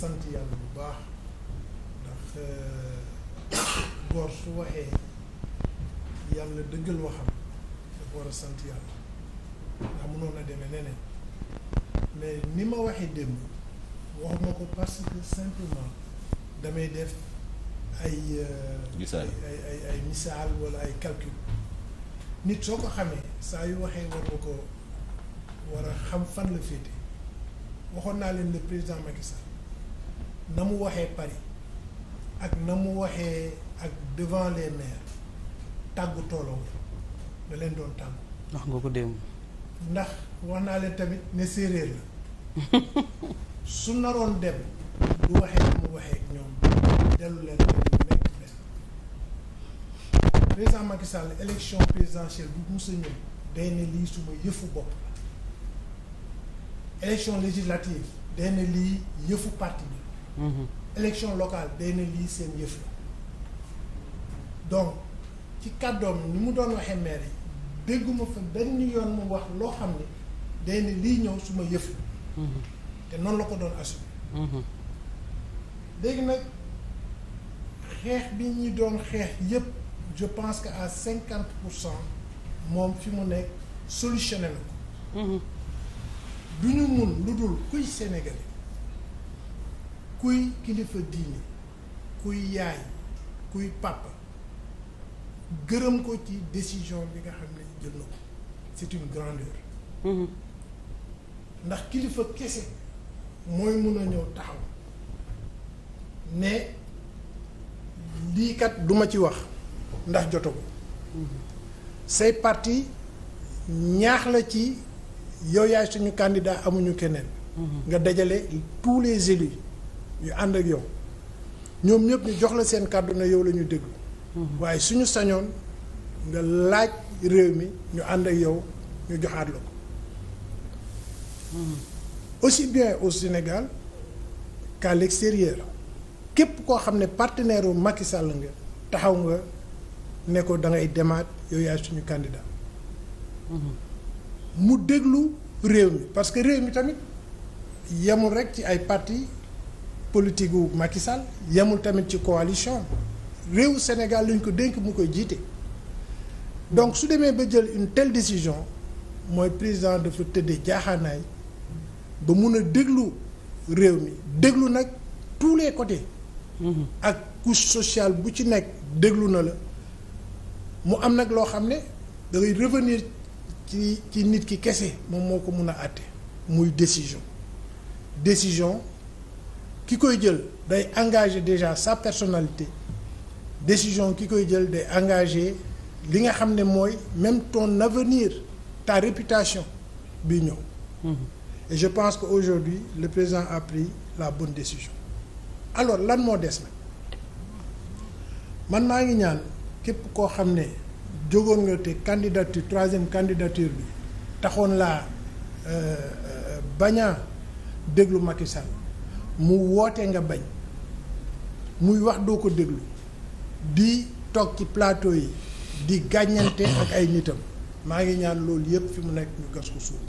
sant yàlla bu baax ndax euh, góor su waxee yàlla dëggal waxam dafa war a sant yàlla ndax mënoon a demee neneen mais ni ma waxee démb waxuma ko parce que simplement damay def euh, ay ay ay ay misaal wala ay calcul nit soo ko xamee saa yu waxee war nga ko war a xam fan la féete waxoon naa leen le président Macky Sall na mu waxee Paris ak na mu waxee ak devant les maires tàggu tooloo da leen doon tàggu. ndax nga ko démb. ndax wax naa leen tamit ne séeréer la su naroon dem du waxee na mu waxee ak ñoom dellu leen nekk benn président Sall élection présidentielle bu musa ñëw day ne lii suma yëfu bopp la élection législative day ne lii yëfu parti bi Mm-hmm. élection locale day na lii seen yëf la donc ci kàddoom ni mu doon waxee maire yi dégguma fa benn yoon mu wax loo xam ne day na lii ñëw suma yëf la mm-hmm. te noonu la ko doon assumer mm-hmm. léegi nag xeex bi ñu doon xeex yépp je pense que à cinquante pour cent moom fi mu nekk solutionné ko du ñu mun lu dul kuy Sénégalais kuy kilifa diine kuy yaay kuy papa gërëm ko ci décision bi nga xam ne jël na ko c'est une grandeur mm-hmm. ndax kilifa kese mooy mun a ñëw taxaw ne lii kat du ci wax ndax jotagu mm-hmm. say parti ñaax la ci yow yaay suñu candidat amuñu keneen mm-hmm. nga dajale tous les élus ñu ànd ak yow ñoom ñëpp ñu jox la seen kàddu na yow la ñu déglu waaye suñu sañoon nga laaj réew mi ñu ànd ak yow ñu joxaat la ko aussi bien au Sénégal qu'à l'extérieur képp koo xam ne partenaire wu Macky Sall nga taxaw nga ne ko da demaat yow yaay suñu candidat mu déglu réew mi parce que réew mi tamit yemul rek ci ay parti politique gu Macky Sall yemul tamit ci coalition réewu Sénégal lañ ko dénk mu koy jiite donc su demee ba jël une telle décision mooy président dafa tëddee jaaxaanaay ba mun a déglu réew mi déglu nag tous les côtés. Mm-hmm. ak couche sociale bu ci nekk déglu na la mu am nag loo xam ne da ngay revenir ci ci nit ki kese moom moo ko mun a àtte muy décision décision. ki koy jël day engager déjà sa personnalité décision ki koy jël day engager li nga xam ne mooy même ton navenir ta réputation bi ñëw mhm. je pense que aujourd'hui le président a pris la bonne décision alors lan moo des nag man maa ngi ñaan képp koo xam ne jógoon nga te candidature troisième candidature bi taxoon laa euh, euh, bañaa déglu Macky mu woote nga bañ muy wax doo ko déglu di toog ci plateau yi di gàññante ak ay nitam maa ngi ñaan loolu yépp fi mu nekk ñu gas ko suul